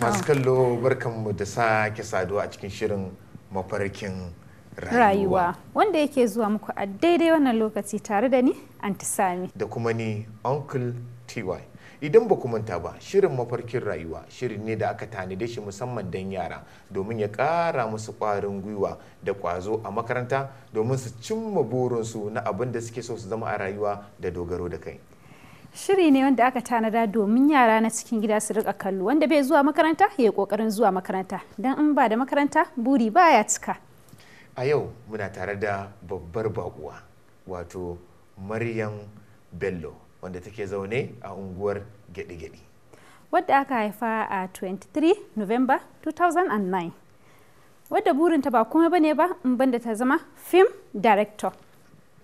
masu kallo mu da sake saduwa a cikin shirin mafarkin rayuwa wanda yake zuwa muku a daidai wannan lokaci tare da ni antisami da kuma ni uncle ty idan ba ku manta ba shirin mafarkin rayuwa shirin ne da aka tanade shi musamman don yara domin ya kara musu kwarin gwiwa da kwazo a makaranta domin su cimma burinsu na abin da suke so su zama a rayuwa da dogaro da kai Shiri ne wanda aka tanada domin yara na cikin gida su rika kallo wanda bai zuwa makaranta ya yi kokarin zuwa makaranta don in ba da makaranta buri baya cika. A yau muna tare da babbar baƙuwa wato Maryam Bello wanda take zaune a unguwar gyaɗi Wadda aka haifa a 23 November 2009. Wadda burinta ba kuma bane ba in banda ta zama film director.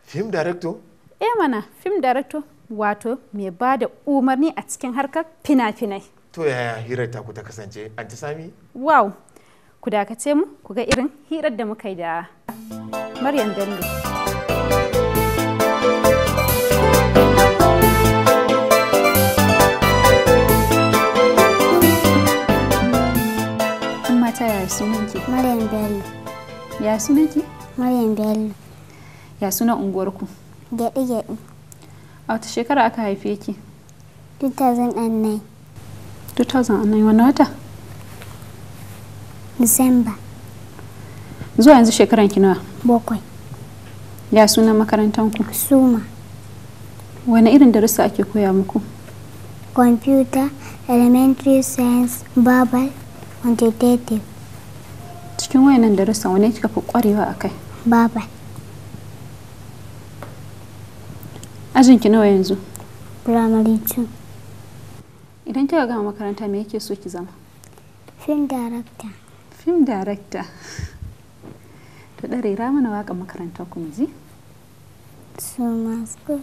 Film director? Eh mana film director wato mai ba da umarni a cikin harkar fina-finai. To yaya hirar ta ku ta kasance, ta Sami? Wow, ku dakace mu ku ga irin hirar da muka yi da Maryam Bello. ta ya sunanki? Maryam Bello. Ya Maryam Bello. Ya sunan unguwarku? Gyaɗi-gyaɗi. a wata shekara aka haife ki 2009 wani wata december zuwa yanzu shekaran kinawa? nawa bakwai ya sunan makarantar ku suma wani irin darussa ake koya muku computer elementary science babal, quantitative cikin wayannan darussa wani kika fi kwarewa akai Babal. Ajin ki nawa yanzu? Primary two. Idan kika gama makaranta me yake so ki zama? Film director. Film director. To dare ra mana waka makaranta ku yanzu so ma school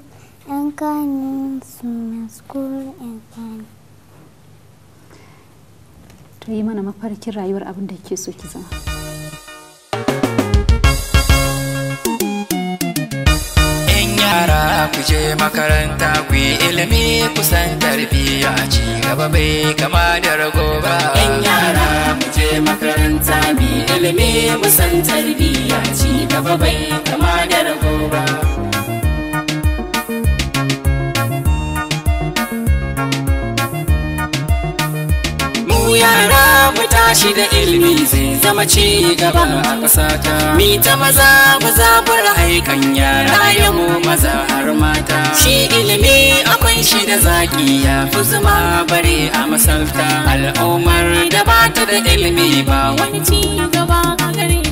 and kani su ma school kani. To yi mana mafarkin rayuwar abin da kike so ki zama. ku je makaranta ku yi ilimi kusan tarbiyya ci gaba bai kama da rago ba yan yara mu je makaranta bi ilimi kusan tarbiyya ci gaba bai kama da rago ba mu yara mu bashi da ilimi zai zama ci gaba a kasata Mi ta maza ba za bar aikan yara ya mu maza har mata. Shi ilimi akwai shi da zaki ya fi zuma bare a masalta. Al'ummar da ba ta da ilimi ba wani ci gaba a gare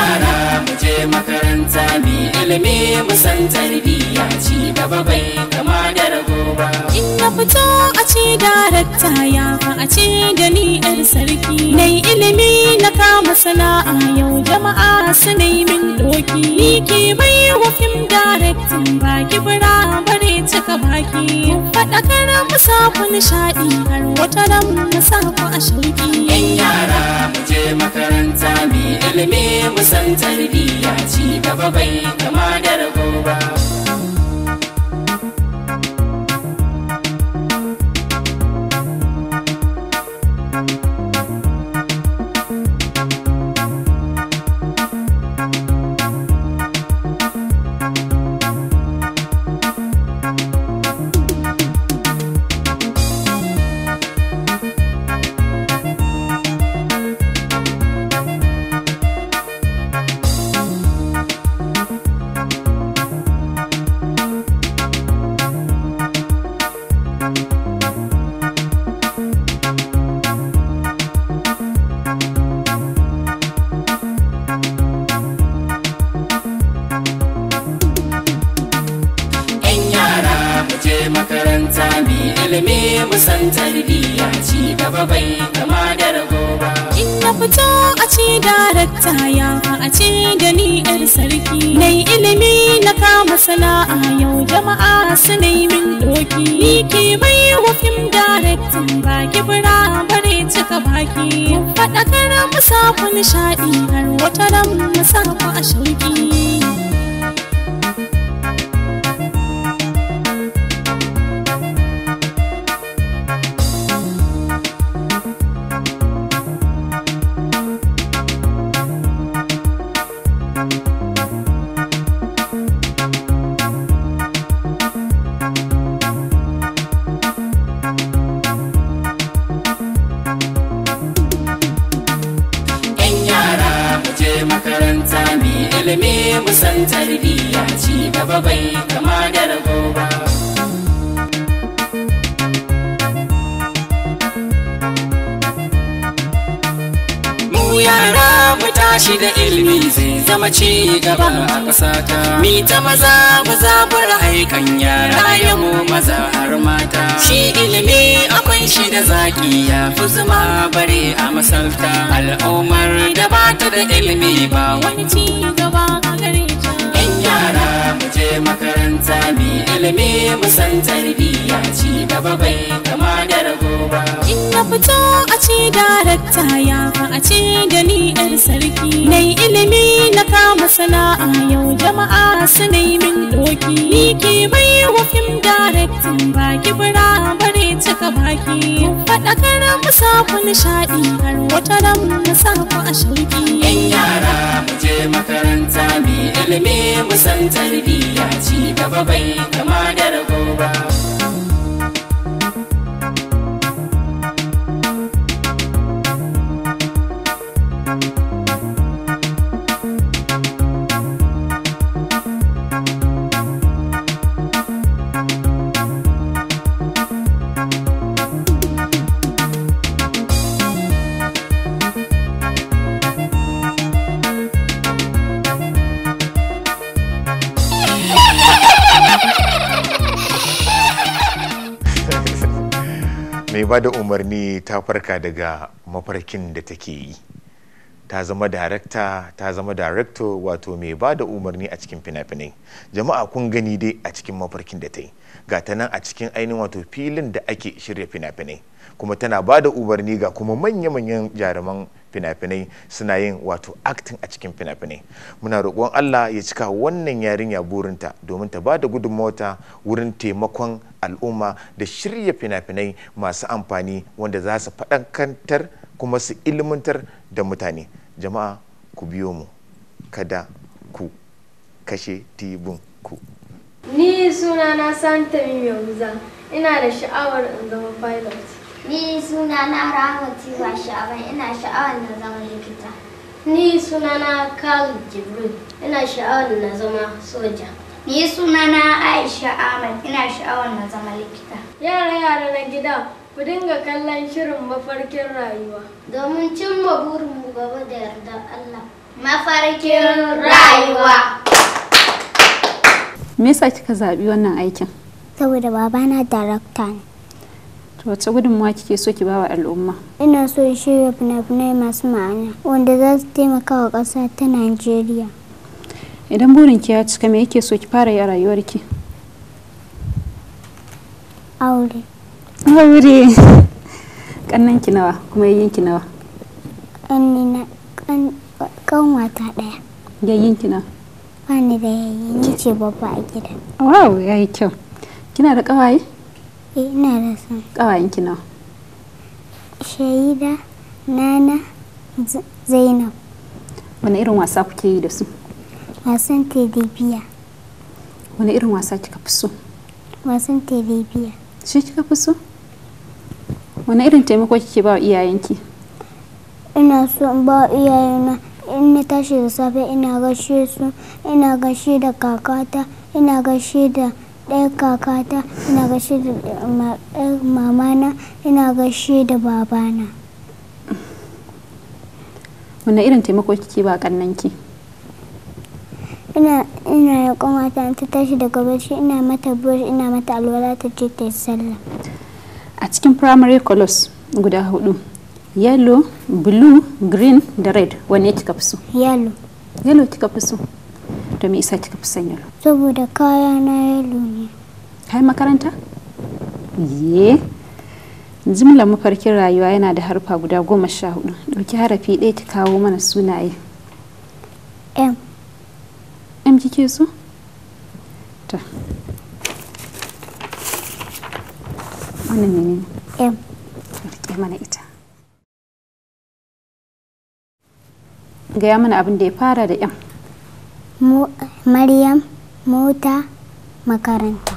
yara mu je makaranta mi ilimi mu san tarbiyya ci gaba bai kama da rago ba. in na fito a ci darakta ya fa a ce da ni sarki nai ilimi na kama sana'a yau jama'a su nai min doki ni ke mai wafin darakta ba bura bare cika baki kana mu saku nishaɗi har wata ran mu ku a shauki In yara mu je makaranta ilimi musan tarbiya ci gaba bai kama da rago ba kama da ragowa in na fito a ce darakta ya a ce da ni yar sarki na ilimi na kama sana'a yau jama'a su na yi min doki ni ke bai wa fim darakta ba kibira bare cika baki faɗakar musa ku nishaɗi har wata ran musa ku a shauki ci gaba a ƙasata. Mi ta maza mu zaɓi ra'ayikan yara ya mu maza har mata. Shi ilimi akwai shi da zaƙi ya fi zuma bare a masalta. Al'ummar da ba ta da ilimi ba wani ci gaba a gare yan yara mu je makaranta bi ilimi mu san tarbiyya ci gaba bai kama da ba. in na fito a ci darakta ya fa a ci da ni sarki nai ilimi na kama sana'a yau jama'a su min doki ni ke mai wafin darakta ba kibira bare cika baki faɗakar mu samu nishaɗi har wata ran mu samu a shauki yan yara mu je makaranta bi ilimi ne musan tarbiyya ci gaba bai kama da rago ba ba da umarni ta farka daga mafarkin da take yi ta zama darakta ta zama darakto wato mai ba da umarni a cikin fina-finai jama'a kun gani dai a cikin mafarkin da ta yi ga ta nan a cikin ainihin wato filin da ake shirya fina-finai kuma tana ba da umarni ga kuma manya-manyan jaruman fina-finai suna yin wato acting a cikin fina-finai muna roƙon allah ya cika wannan yarinya burinta domin ta ba da gudunmawata wurin taimakon al'umma da shirya fina-finai masu amfani wanda za su faɗakantar kuma su ilmantar da mutane jama'a ku biyo mu kada ku kashe tibin ku ni sunana santa mimehuza ina da sha'awar in zama pilot Ni suna na Rahama Tiwa Sha'aban ina sha'awar na zama likita. Ni suna na Kalu Jibril ina sha'awar na zama soja. Ni suna na Aisha Ahmad ina sha'awar na zama likita. Yara yara na gida ku dinga kallon shirin mafarkin rayuwa. Domin cimma burinmu gaba da yardar Allah. Mafarkin rayuwa. Me yasa kika zaɓi wannan aikin? Saboda babana darakta ne. to wace gudunmawa kike so ki bawa al'umma ina so in shirya fina-finai masu ma'ana wanda za su taimaka wa ƙasa ta najeriya idan burin ki ya cika me yake so ki fara yi a ki? aure aure kannan ki nawa kuma yayin ki nawa kan wata daya yayin ki nawa ba ni da yayin ki ce babba a gida wow yayi kyau kina da kawaye eh ina da son ƙawayen nawa. shaida nana zainab wani irin wasa kuke yi da su wasan telebiya wani irin wasa kika fi so wasan telebiya shi kika fi so wani irin taimako kike ba iyayenki ina so in ba iyayena in na tashi da safe ina gashe su ina gashe da kakata ina gashe da ɗaya kakata ina gaishe da mamana ina gashi da babana wanda irin taimako kike ba kannanki ina ina ya kamata ta tashi daga bacci ina mata bur ina mata alwala ta ce ta sallah a cikin primary colors guda hudu yellow blue green da red wanne kika fi so yellow yellow kika fi so to me isa kika fi son yalo saboda kaya na yalo ne kai makaranta ye Jimla mafarkin rayuwa yana da harfa guda goma sha hudu ɗauki harafi ɗaya ta kawo mana sunaye m m kike so ta wannan ne. m rike mana ita gaya mana abin da ya fara da m Maryam, mota, makaranta.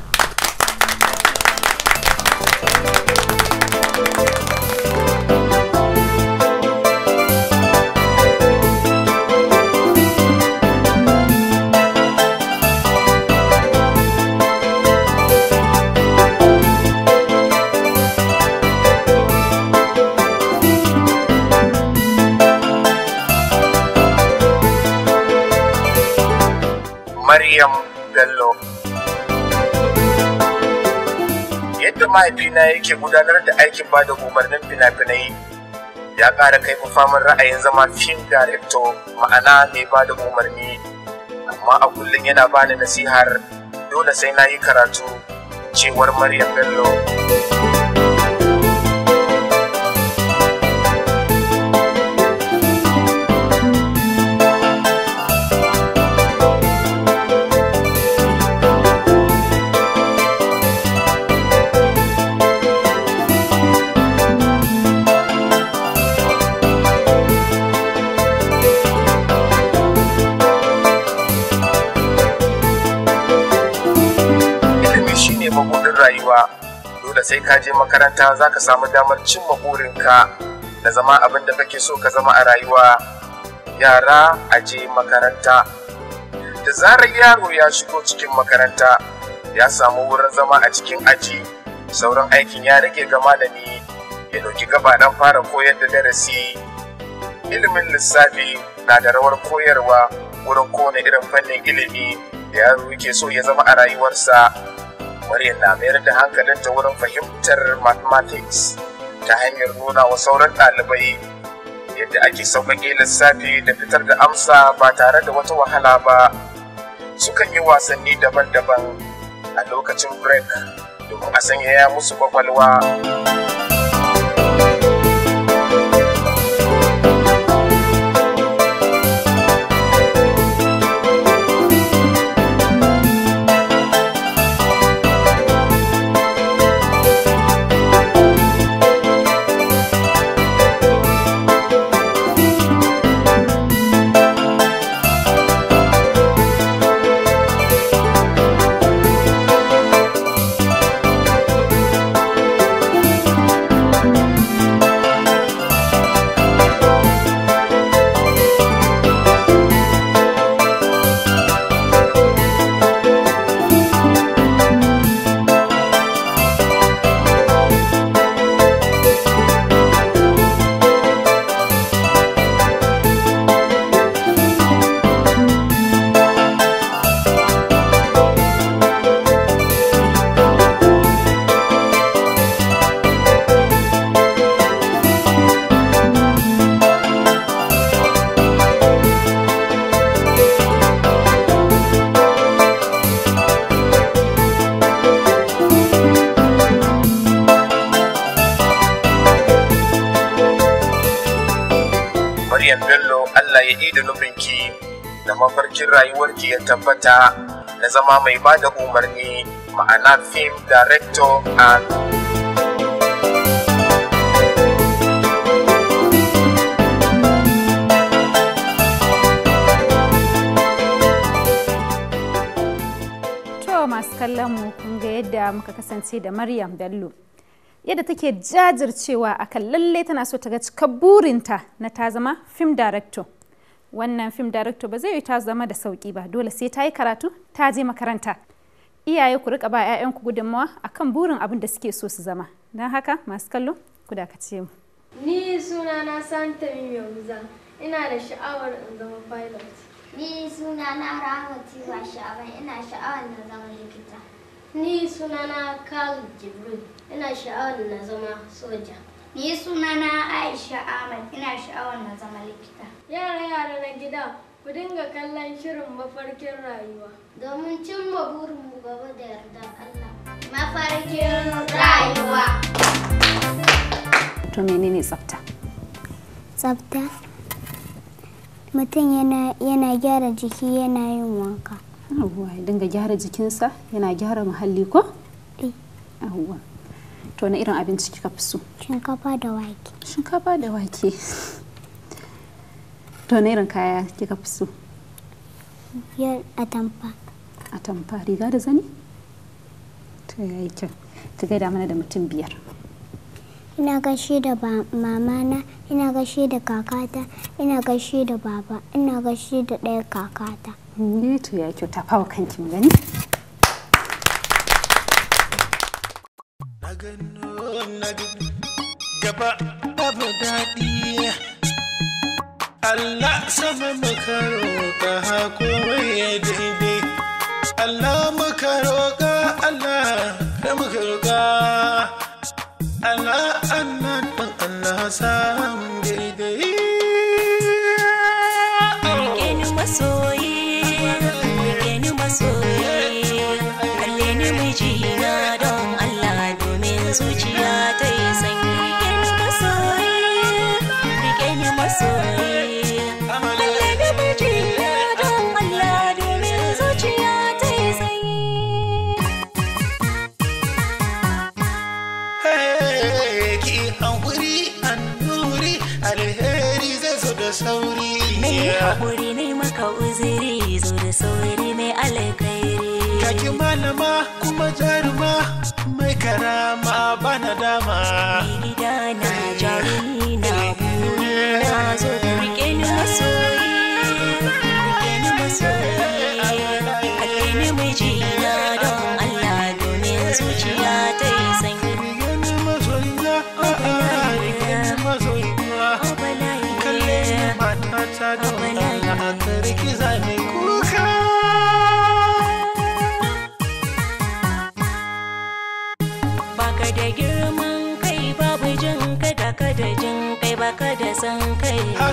kallo yadda mahaifina yake gudanar da aikin ba da umarnin fina-finai ya ƙara famar ra'ayin zama fim director ma'ana mai ba da umarni amma a kullum yana bani nasihar dole sai na yi karatu cewar maryam bello matsalolin rayuwa dole sai ka je makaranta za ka samu damar cimma burinka da zama abin da kake so ka zama a rayuwa yara a je makaranta da zarar yaro ya shigo cikin makaranta ya samu wurin zama a cikin aji sauran aikin ya rage ga malami ya ɗauki gaba don fara koyar da darasi ilimin lissafi na da rawar koyarwa wurin kowane irin fannin ilimi da yaro yake so ya zama a rayuwarsa maryam na mayar da hankalin ta wurin fahimtar mathematics ta hanyar nuna wa sauran ɗalibai yadda ake sauƙaƙe lissafi da fitar da amsa ba tare da wata wahala ba sukan yi wasanni daban-daban a lokacin break domin a sanyaya musu kwakwalwa. Maryam Bello Allah ya ida da nufinki da mafarkin rayuwarki ya tabbata na zama mai ba da umarni ma'ana film director and masu kallon mu kun ga yadda muka kasance da Maryam Bello. yadda take jajircewa a kan lalle tana so ta ga cika burinta na ta zama film director wannan film director ba zai yi ta zama da sauki ba dole sai ta yi karatu ta je makaranta iyaye ku rika ba 'ya'yanku gudunmawa akan burin abin da suke so su zama don haka masu kallo ku dakace mu ni suna na santa mimiyoza ina da sha'awar in zama pilot ni suna na rahama tiwa sha'awar ina sha'awar na zama likita Ni sunana Khalid Jibril, ina sha'awar na zama soja. Ni sunana Aisha Ahmad, ina sha'awar na zama likita. Yara-yara na gida, ku dinga kallon shirin mafarkin rayuwa. Domin cimma burinmu gaba da yardar Allah. Mafarkin rayuwa. To menene tsafta? Tsafta? Mutum yana gyara jiki yana yin wanka. yawwa ya dinga gyara jikinsa yana gyara muhalli ko eh. yawwa to na irin abinci kika fi so shinkafa da wake shinkafa da wake to na irin kaya kika fi so yar atamfa atamfa riga da zani to yi kyau ki gaida mana da mutum biyar ina gaishe da mamana ina gaishe da kakata ina gaishe da baba ina gaishe da ɗaya kakata Ni to ya kyauta fawa kanki mu gani. gaba abu daɗi Allah sama maka roƙa ya daidai Allah maka roƙa Allah maka roƙa Allah annan Allah Kaki malama kuma jaruma mai karama bana dama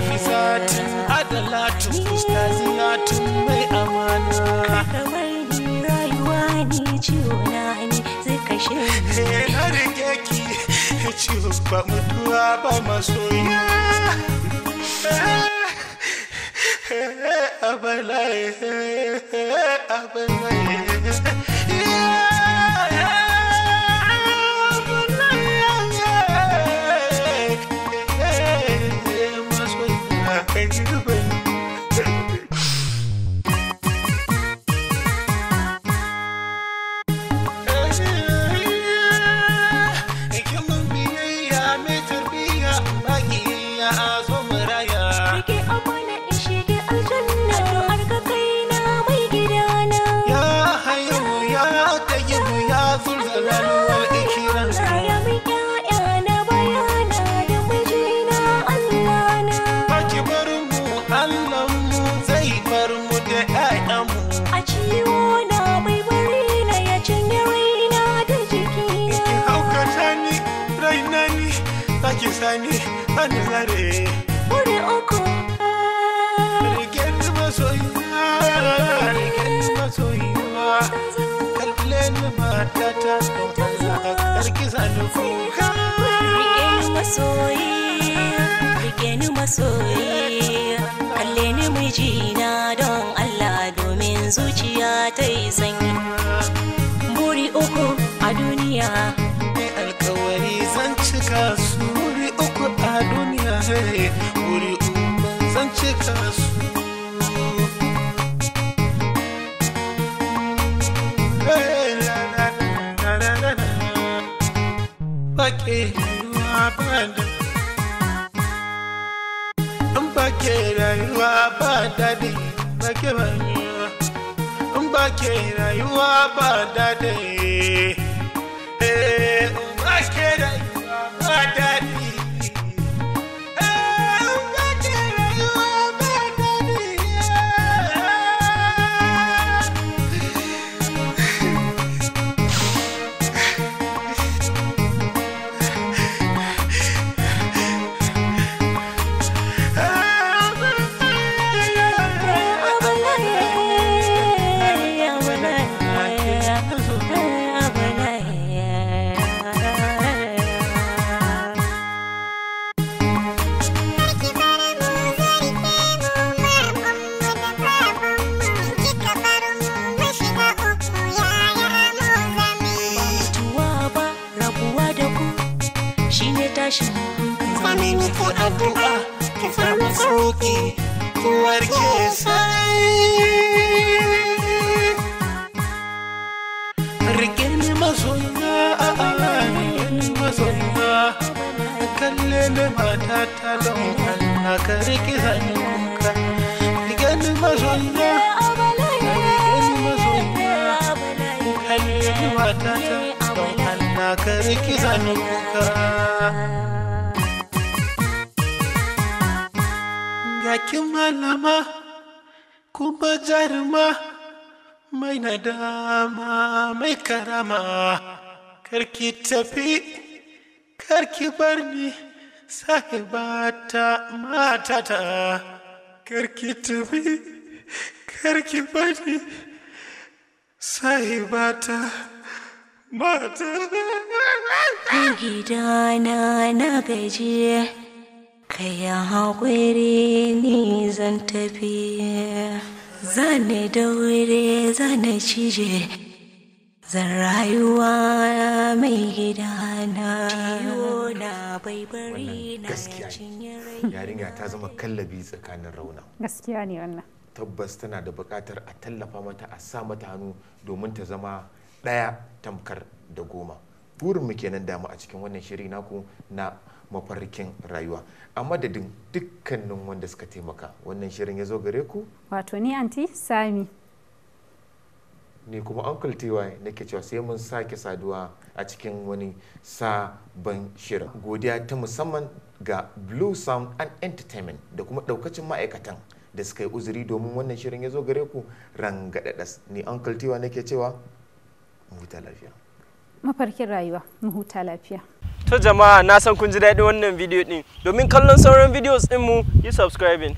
nafisatun adalatun ustaziyatun mai amana kamar ni rayuwa ne ciwo na ne zika shi na ni masoyiya kalle ni mijina don Allah domin zuciya ta yi sanyi buri uku a duniya alkawari zan cika su buri uku a duniya buri uku zan cika su Baki, you are ke rayuwa ba daɗi ba ke ba in ba ke rayuwa ba daɗi ciki zani kuka yakin malama kuma jaruma mai nadama mai karama karki tafi karki bar ni sahibata matata karki tafi karki bar ni sahibata gidana na gaji kayan haƙuri ni zan tafi zane daure zane cije zan rayuwa mai gida na bai bari na cinye yarinya ta zama kallabi tsakanin rauna gaskiya ne wannan tabbas tana da buƙatar a tallafa mata a sa mata hannu domin ta zama ɗaya tamkar da goma burinmu kenan damu a cikin wannan shiri naku na mafarkin rayuwa a madadin dukkanin wanda suka taimaka wannan shirin ya zo gare ku wato ni anti sami ni kuma uncle ty nake cewa sai mun sake saduwa a cikin wani sabon shirin godiya ta musamman ga blue sound and entertainment da kuma daukacin ma'aikatan da suka yi uzuri domin wannan shirin ya zo gare ku rangadadas ni uncle ty nake cewa huta lafiya mafarkin rayuwa mu huta lafiya to jama'a na san kun ji daɗin wannan bidiyo ɗin domin kallon sauran videos ɗinmu mu yi subscribing